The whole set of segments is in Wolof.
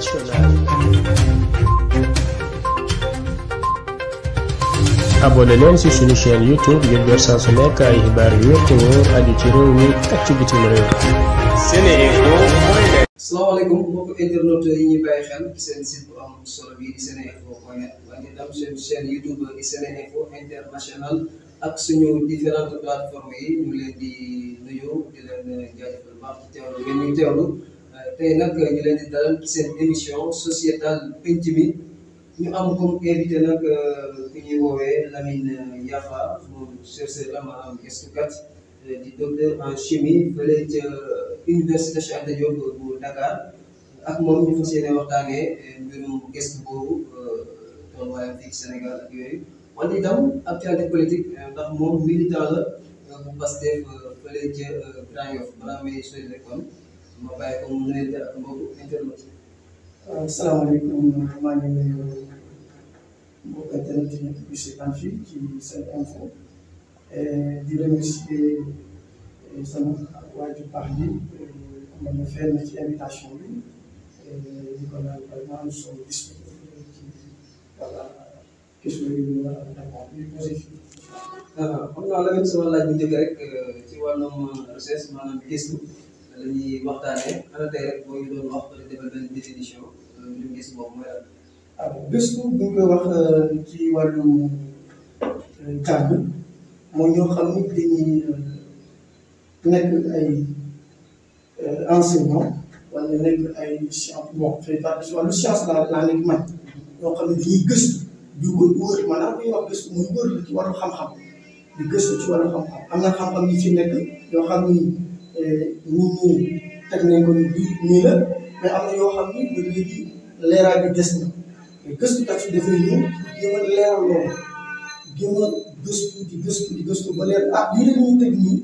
internationale. abonné leen ci youtube ngir saa su nekk ay xibaar yu wér te wóor ci réew mi ak ci bitim réew. Seneinfo. asalaamaaleykum mbokk internaute yi ñuy bàyyi xel ci seen bu am ak suñu différentes yi ñu leen di nuyu di leen jaajëfal baax ci tey nag ñu leen di dalal seen émission sociétale penc mi am comme invité nag euh, ku ñuy woowee Lamine euh, Yafa moom chercheur la ma am gëstukat euh, di docteur en chimie fële ca université Cheikh Anta Diop Dakar ak moom ñu fas yéene waxtaanee mbirum gëstu boobu tolluwaayam ak yooyu wante itam actualité politique moom militant la bu Pastef fële ca Grand Yoff balaa may sori rek ma bàyyi ko mu nuyuante ak mbokku internet. waaw salaamaaleykum maa ngi nuyu mbokk internet yi ñu seetaan fii ci seen info eh, di remercier eh, sama waa ju baax bi eh, ma ne fenn ci invitation bi di ko naan vraiment nous sommes disponibles ci voilà question yi ñu war a répondre bi posé fii. xam naa la sama laaj bu njëkk rek ci wàllum recherche maanaam gëstu. dañuy waxtaanee xanaa tey rek boo doon wax peut être defal benn définition ñu euh, gis mooy lan. waaw gëstu bu wax euh, ci wàllu kàmm euh, mooy ñoo xam ni dañuy nekk ay enseignants wala nekk ay science bon xëy wàllu science daal laa nekk man ñoo xam ne dañuy gëstu di li ñuy gëstu muy wër ci wàllu xam-xam di gëstu ci wàllu xam-xam am na xam-xam yi fi nekk yoo xam ni. nit ñi teg nañ ko bii nii la mais am na yoo xam ni ba léegi leeraay bi des na mais gëstukat gëstu gëstu di gëstu ba ah lii la ñuy teg nii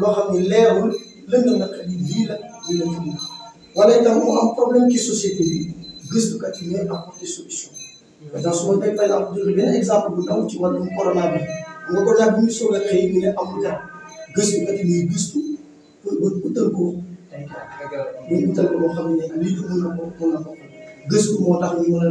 loo xam ni leerul lëngal na xel yi lii la lii la fi wala itam mu am problème ci société bi gëstukat yi ñooy apporter solution. maintenant su ma tey par exemple joxe benn exemple bu ndaw ci wàllum corona bi nga corona bi ñu soog a xëy ñu ne amul garab gëstukat yi gëstu. mooy bon utal ko ay mooy utal ko loo xam ne lii du mën na ko mën na ko gëstu moo tax ñu mën a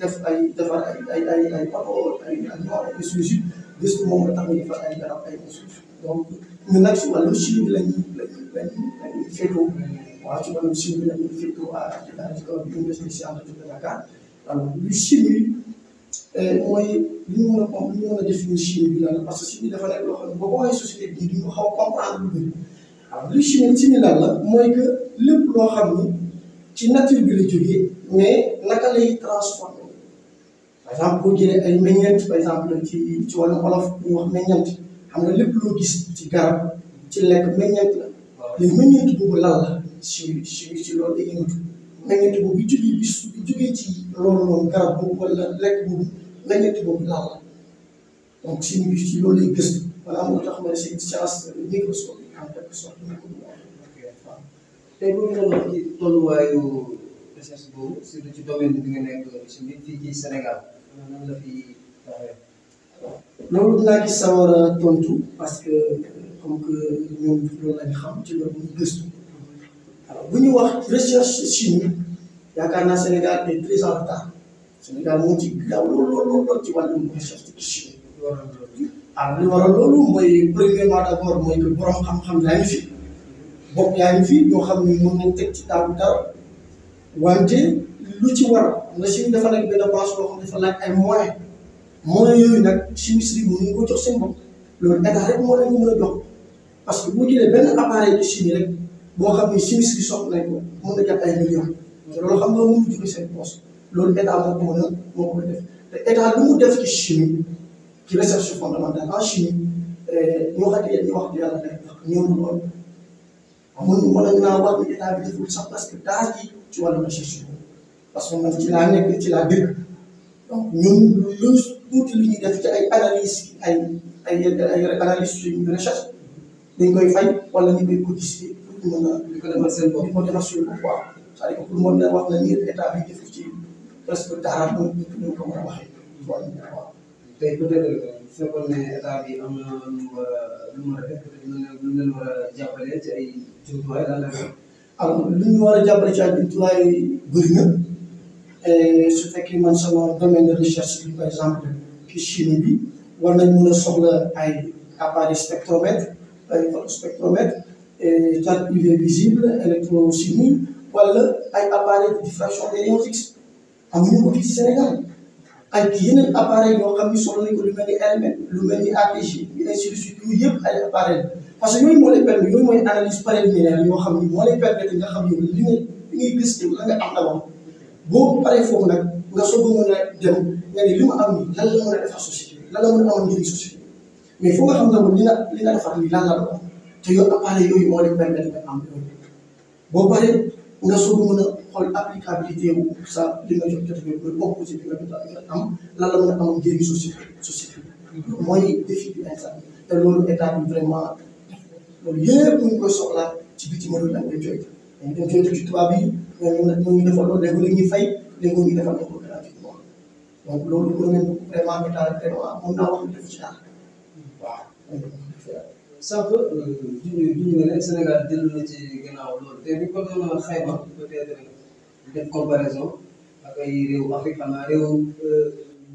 def ay defar ay ay ay ay parole ay ay solution gëstu moom la tax ñu defar ay garab ay solution donc ñun nag si wàllu chimie bi la ñuy la ñuy la ñuy la ñuy féetoo waaw ci wàllu chimie bi la ñuy féetoo à l'université Cheikh Anta Diop de Dakar alors lu chimie mooy li ñu mën a li ñu mën a définir chimie bi lan parce que chimie dafa nekk loo xam ne boo ko waxee société bi duñu xaw a comprendre lu bëri waaw lu chimique ni lan la mooy que lépp loo xam ni ci nature bi la jógee mais naka lay transformé par exemple boo jëlee ay meññeent par exemple ci ci wàllu wolof wax meññeent xam nga lépp loo gis ci garab ci lekk meññeent la léegi meññeent boobu lan la si si si loolu day su ci loolu noonu garab boobu wala lekk boobu meññeent boobu lan la donc si ñu ci loolu lay gëstu wala moo tax ma ne c'est personnes tey bu ñu doon wax ci tolluwaayu boobu surtout ci domaine bi nga nekk ci fii ci Sénégal nan la fi taxawee. loolu dinaa ci sawar a tontu parce que comme que ñoom loolu lañ xam ci loolu gëstu alors bu ñu wax recherche chimique yaakaar naa Sénégal est très en retard Sénégal moo ci gaaw lool lool lool ci wàllum recherche chimique. waaw li waral loolu mooy premièrement d'abord mooy que borom xam-xam yaa ngi fi bopp yaa ngi fi yoo xam ne mën nañ teg ci taabu dara wante ci war nga chimie dafa nekk benn branche boo ay moyens moyens yooyu nag chimiste yi mënuñu ko jox seen bopp loolu état rek moo leen ko jox parce que boo jëlee benn appareil de chimie rek boo xam ne chimiste yi soxla nañ ko mën na jàpp ay millions loolu xam nga mënu jóge seen poche loolu état moo ko mën ko def te état lu mu def ci chimie. ci recherche fondamentale en a ñoo xam ne ñu wax di yàlla rek ndax ni état bi deful sax parce que daal di ci wàllu recherche boobu parce que man ci laa nekk ci laa dégg donc ñun lu tuuti li ñuy def ci ay analyse ay ay ay analyse suñu recherche dañ koy fay wala ñu koy cotiser pour ko defal na ni état bi deful ci ko mën a waxee. tey peut-être su fekkoon ne état bi am na war a lu mu war a def peut-être lu leen a jàppale ci ay jumtuwaay daal la am lu ñu war a jàppale ay jumtuwaay bëri na su fekkee man sama domaine par exemple ci chimie war nañ mën a soxla ay appareil spectromètre ay spectromètre carte UV visible électrochimie wala ay appareil diffraction des rayons X amuñu ko fii ci ak yeneen appareil yoo xam ni soxla nañ lu mel ni RMN lu mel ni APG ainsi de suite yooyu yëpp ay appareil parce que yooyu moo lay permettre yooyu mooy analyse préliminaire yoo xam ni moo lay permettre nga xam yow li nga li ngay gis la nga am d'abord boo paree foofu nga soog a mën a dem nga ne li ma am nii lan la mën a defar société lan la mën a amal njëriñ mais foo nga xam ne li nga li nga defar nii lan la doon te yooyu moo lay permettre nga am a a xol applicabilité wu sa li nga jot jot nga bokk ci li nga jot a am lan la mën a amal njëriñ société société bi mm-hmm. mooy défi bi instant te loolu bi ñu da ñu defal loolu léegi la fay léegi ñu defal loolu gratuitement donc loolu mën nañu vraiment état vraiment mën naa wax def ci dara waaw. sànq euh, junj junj nga ne Sénégal dellu na ci gannaaw loolu te bi ko doon xayma peut-être. def comparaison ak ay réew Afrique xam naa réew euh,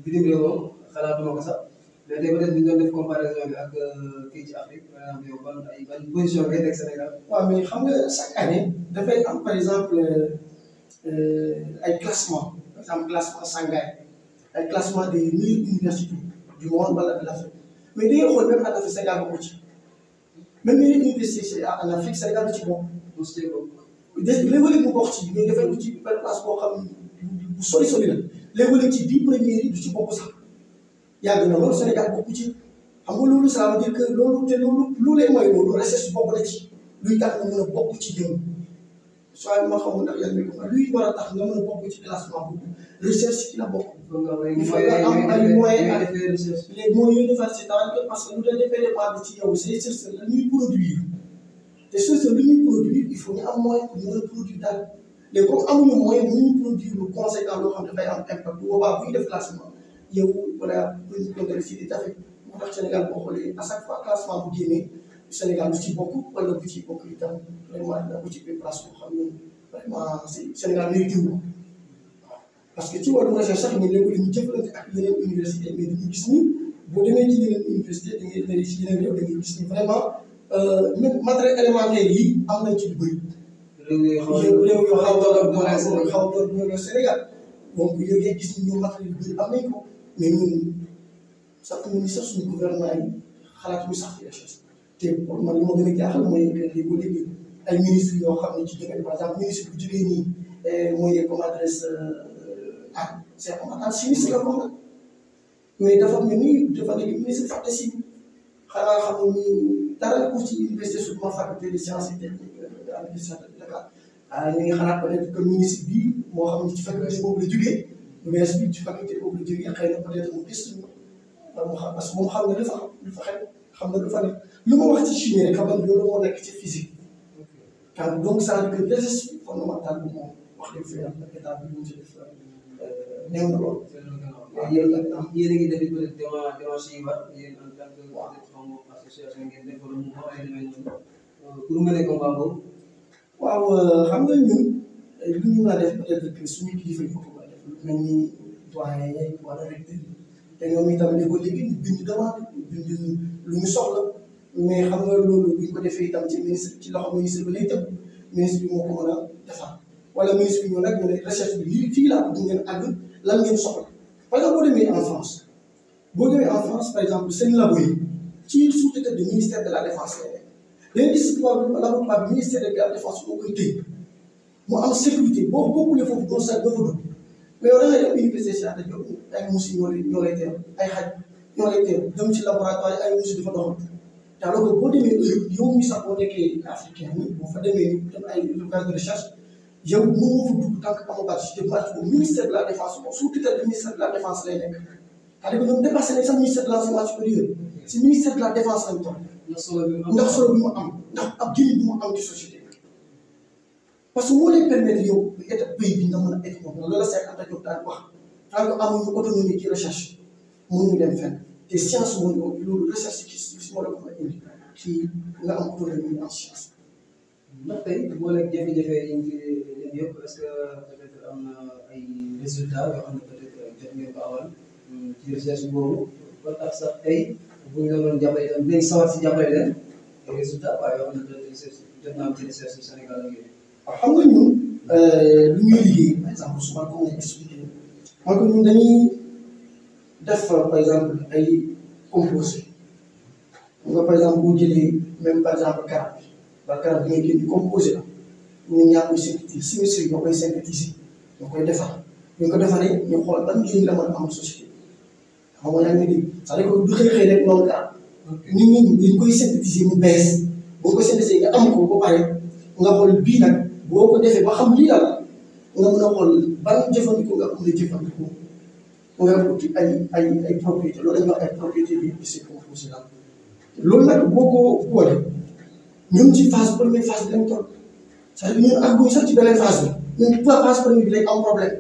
bitim réew moom xalaatuma ko sax mais tey comparaison ak euh, ay ban position ngay teg Sénégal. waaw mais xam nga chaque année dafay am par euh, ay classement classement Shanghai ay classement des meilleures universités du monde wala de l' Afrique mais da ngay xool même ak Sénégal bokku ci même meilleure université en Afrique Sénégal du ci bokk. léeg-léeg mu bokk ci mais dafay lu ci benn place boo xam bu sori sori la léeg-léeg ci dix premiers yi du ci bokk sax yàgg na loolu Sénégal bokk ci xam nga loolu ça veut dire que loolu te loolu lu lay mooy loolu recherche bokk na ci luy tax nga mën a bokk ci jëm soit ma xamul ndax yàlla ko luy war a tax nga mën a bokk ci classement boobu recherche ci la bokk. il faut nga am ay moyens les moyens de faire c'est parce que lu la dépendement bi ci yow c'est recherche la ñuy produire. te chose lu ñuy produire il faut ñu am moyen pour mën a produire daal léegi comme amuñu moyen bu ñuy produire lu conséquent loo xam dafay am impact bu boobaa bu ñu def classement yow wala bu ñu doon def si boo xoolee à chaque fois classement bu génnee Sénégal bu ci bokk wala bu ci bokk itam vraiment dina ko ci biir place boo xam ne vraiment Sénégal mérite wu ko waaw parce que ci wàllu recherche sax ñun léegi dañuy jëflante ak yeneen université boo demee ci yeneen université da ngay ci yeneen réew da Euh, même matériel élémentaire yi am nañ ci lu bëri. réew yoo ma Sénégal donc yooyu gis nañ ñoom matériel yu bëri ko mais ñun sax ñun sax suñu gouvernement yi xalaatuñu ma gën a jaaxal mooy léegi ba léegi ay ministres yoo xam ne ci jógee par exemple ministre bu jógee nii eh, mooy comme euh, ah, la mais dafa mel ni dafa nekk ministre fàtte si xanaa xamu ni dara ku ci université surtout faculté de sciences et techniques euh, de l'université de Dakar ah, ñu ngi xalaat peut-être que bi moo xam ne ci faculté boobu la jógee ministre bi ci faculté boobu la jógee xëy na peut mu gëstu mu xam parce que moom xam nga dafa xam dafa xel xam nga dafa nekk lu ma wax ci chimie rek xam nga loolu moo nekk ci physique car donc ça veut dire que moom wax dëgg fa yàlla état bi mu ci def euh, néew na lool waaw yéen nag am yéen a ngi def peut être devant devant Chiba yéen en tant que comme association ngeen def wala mu xaw ay demee noonu pour mu ne combat boobu. waaw xam nga ñun lu ñu war a def peut être que suñu kilifa yi ko war a def lu mel ni doyen wala recteur te ñoom itam dañoo léegi ñu bind demande bind lu ñu soxla mais xam nga loolu bu ñu ko defee itam ci ministre ci loxo ministre bi lay tëb ministre bi moo ko mën a defar wala ministre bi ñoo nag ñu ne recherche bi lii fii laa bëgg ngeen àgg lan ngeen soxla. par exemple boo demee en boo demee en France par exemple seen labo yi ci sous-tutelle du ministère de la défense la nekk gis labo par ministère de la défense boo koy téye mu am sécurité boo bokkulee foofu doo sa doo fa dugg mais yow da ngay dem université si ànd jox ay muus ñoo dafa doon te alors boo demee yow mi sax boo nekkee africain boo fa demee dem ay locales de yow moo fa dugg tant que Pape Ababacar au ministère de la défense moom sous tutelle du ministère de la défense lay nekk. la défense lañ toll. ndax solo parce que moo lay bi nga mën a état moom loolu la Cheikh Anta recherche mënuñu dem fenn te science moo ñu si moo la ko mën indi ci nga am autonomie en science. ndax tey boole jafe-jafe yi ñu fi def yëpp est-ce que peut-être am na ay résultats yoo xam ne peut-être jot ngeen ko awal mm, ci recherche boobu ba tax sax tey bu ñu la doon jàppale itam dinañ sawar si jàppale leen ay résultats waaye yoo xam ne peut-être recherche jot naa am ci recherche Sénégal ak yooyu. waaw xam nga ñun euh, lu ñuy liggéey par exemple souvent comme nga expliqué mooy que ñun dañuy def par exemple ay composé nga par exemple boo jëlee même par exemple garab. bàkkaar bi nga génn composé la ñun ñaa koy synthétiser sinistre ñoo koy synthétiser defar ñu ko defaree ñu xool ban njëriñ la mën am société xam nga yaa ngi dégg c'est-à-dire que du koy synthétiser mu bees boo ko synthétiser nga am ko ko pare nga xool bii nag boo ko defee ba xam lii la nga mën a xool ban jëfandikoo nga mën a jëfandikoo nga uti ay ay ay propriété loolu dañuy wax ay propriété bi di se composé loolu nag boo ko boole. ñun ci phase première phase bi lañ toll c'est-à-dire ñun sax ci beneen phase bi ñun trois phase première bi lañ am problème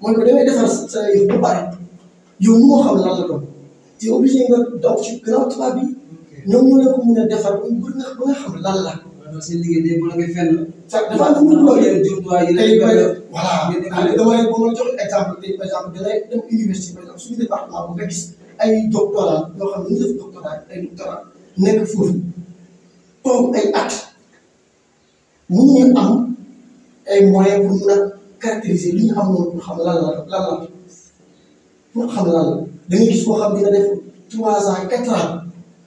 mooy que da ngay defar sa yëf bu pare yow ñu moo xam lan la doon te obligé nga daw ci gannaaw ñoo leen ko mën a defar ba nga xam lan la. waaw seen liggéey day mën nga fenn. dafa am yi lay voilà damay boo jox exemple tey par exemple dangay dem université par ne ñu def toog ay at mun ñu am ay moyens pour mun a caractériser li ñu am noonu pour xam lan la lan la pour xam lan la da ngay gis koo xam dina def trois ans quatre ans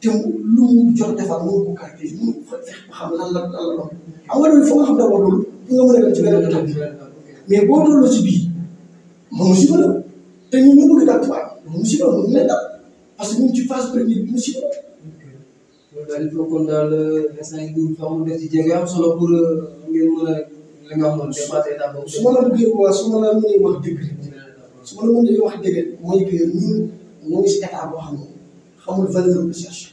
te lu mu jot defar mënu ko caractériser mënu ko fexe ba xam lan la lan la doon xam nga loolu foo nga xam d' abord loolu pour nga mën a dem ci beneen étape bi mais boo tolloo ci bii moom musiba la te ñun ñu bëgg daal tubaab moom musiba la moom ñu lay dal parce que ñun ci phase première bi musiba la loolu daal il faut kon daal xamul ne ci jege am solo pour euh, ngeen mën a li nga xam ne dépassé état su ma la bëggee waa wax dëgg su ma la mënee wax dëgg mooy que ñun ñoo ngi si état boo xam ne xamul valeur recherche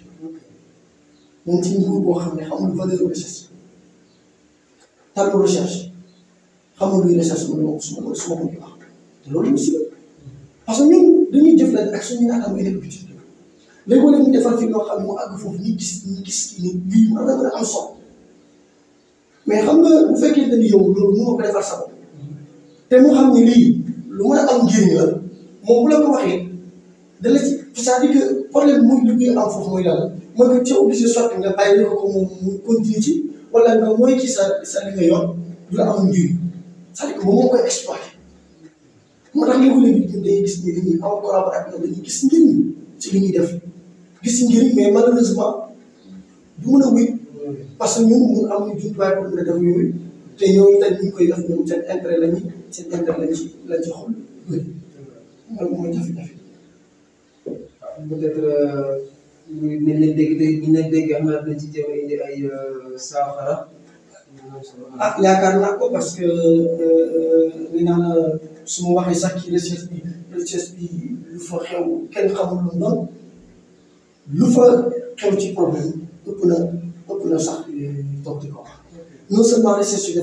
moom boo xam ne xamul valeur recherche tàllu recherche xamul luy recherche mu ne ma su ma ko su ma ko wax te loolu aussi parce que ñun dañuy jëflante ak suñu naan am ay léegi wala ñu defal fi loo xam ne mu àgg foofu ñu gis ñu gis ñu lii war na mën am solo mais xam nga bu fekkee ne yow loolu mënoo sa te mu xam ne lii lu mën la moom bu la ko waxee da la ci cest à que problème mu li muy am foofu sa sa li nga yor du la am moo koy exploité moo tax gis njëriñ ci li ñuy def. gis njëriñ mais malheureusement du mën a wéy parce que ñun mun am ñu jumtuwaay pour mën a def te ñoo itam ñu koy def ñoom seen intérêt lañu seen intérêt lañu la lañ ci xool loolu jafe-jafe. waaw peut-être euh, ñu ne leen dégg tey ñu ne dégg naa ci jéem ay euh, saafara. Ah, yaakaar naa ko parce que euh, nee naa la su ma waxee sax ci recherche bi recherche bi lu fa xew kenn xamul lu mu lu fa xew ci problème ëpp na ëpp na sax toog di ko wax non seulement recherche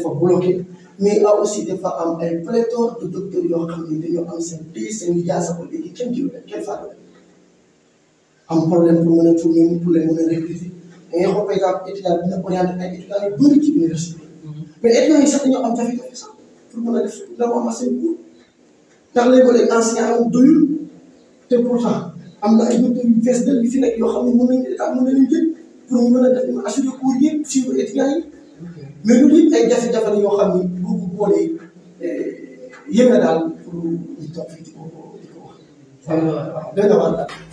mais a aussi dafa am ay pléthore de docteurs yoo xam ne dañoo am seen pays seen jaasa ko léegi kenn jiw kenn fàtte am a tourner pour leen a recruter da ngay xool par exemple étudiant dina ay bëri ci université mm-hmm. mais étudiants yi sax dañoo am jafe-jafe sax pour mën a def la mu am seen cours ndax léegi enseignant am doyul te pourtant. am na ay docteurs yu fees dal yu fi nekk yoo xam ne mën nañu état mën nañu jël pour ñu mën a def ñu assuré cours yëpp suivre étudiants yi mais loolu yëpp ay jafe-jafe yoo xam ne bu ko boolee eh, yéeme daal pour ñu toog fii di ko di ko wax. waaw waaw waaw